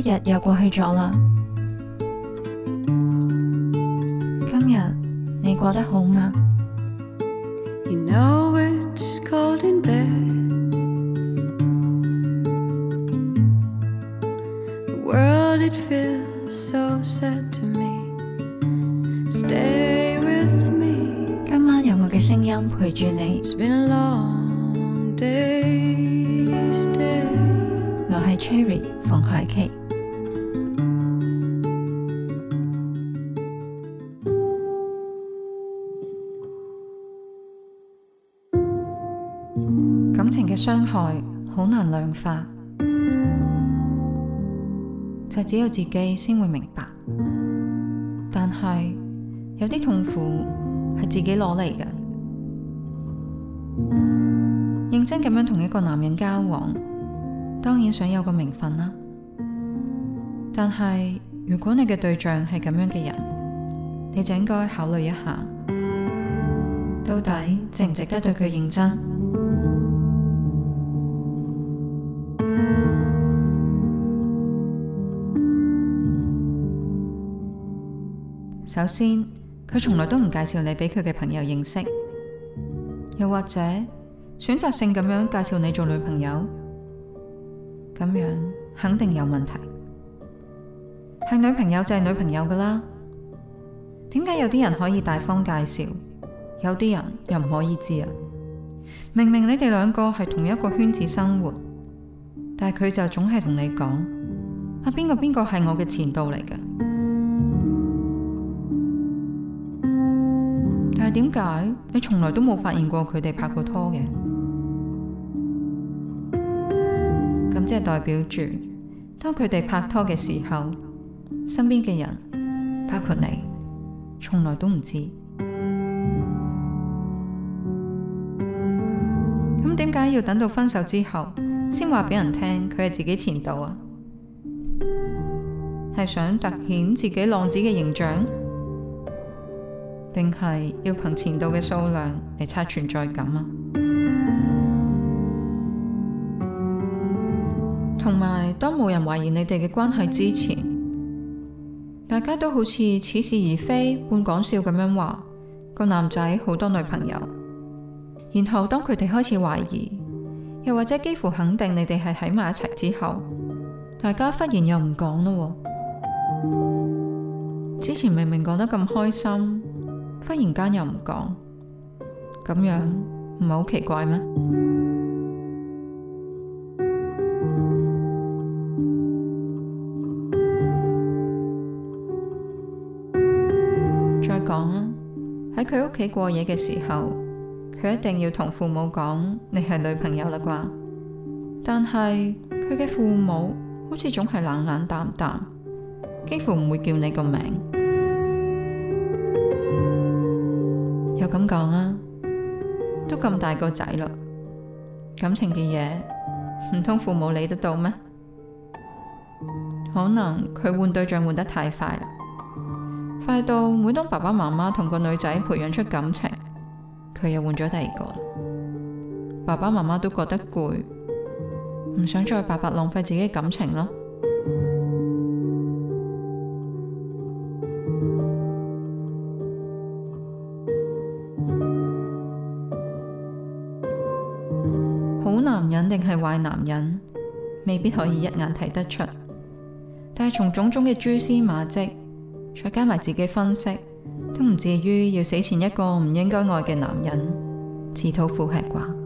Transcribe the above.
一日又過去咗啦，今日你過得好嗎？今晚有我嘅聲音陪住你。It's been long, day day. 我係 Cherry 馮凱琪。感情嘅傷害好難量化，就只有自己先會明白。但係有啲痛苦係自己攞嚟嘅。認真咁樣同一個男人交往，當然想有個名分啦，啊。但係如果你嘅對象係咁樣嘅人，你就應該考慮一下，到底值唔值得對佢認真？首先，佢從來都唔介紹你俾佢嘅朋友認識，又或者選擇性咁樣介紹你做女朋友，咁樣肯定有問題。係女朋友就係女朋友噶啦，點解有啲人可以大方介紹，有啲人又唔可以知啊？明明你哋兩個係同一個圈子生活，但係佢就總係同你講啊，邊個邊個係我嘅前度嚟㗎？點解你從來都冇發現過佢哋拍過拖嘅？咁即係代表住，當佢哋拍拖嘅時候，身邊嘅人，包括你，從來都唔知。咁點解要等到分手之後，先話俾人聽佢係自己前度啊？係想凸顯自己浪子嘅形象？定係要憑前度嘅數量嚟刷存在感啊！同埋， 當冇人懷疑你哋嘅關係之前，大家都好似似是而非，半講笑咁樣話個男仔好多女朋友。然後，當佢哋開始懷疑，又或者幾乎肯定你哋係喺埋一齊之後，大家忽然又唔講咯。之前明明講得咁開心。忽然間又唔講，咁樣唔係好奇怪咩？再講啊，喺佢屋企過夜嘅時候，佢一定要同父母講你係女朋友啦啩？但係佢嘅父母好似總係冷冷淡淡，幾乎唔會叫你個名。有咁講啊，都咁大個仔啦，感情嘅嘢，唔通父母理得到咩？可能佢換對象換得太快啦，快到每當爸爸媽媽同個女仔培養出感情，佢又換咗第二個，爸爸媽媽都覺得攰，唔想再白白浪費自己感情咯。男人定係壞男人，未必可以一眼睇得出，但係從種種嘅蛛絲馬跡，再加埋自己分析，都唔至於要死纏一個唔應該愛嘅男人，自討苦吃啩。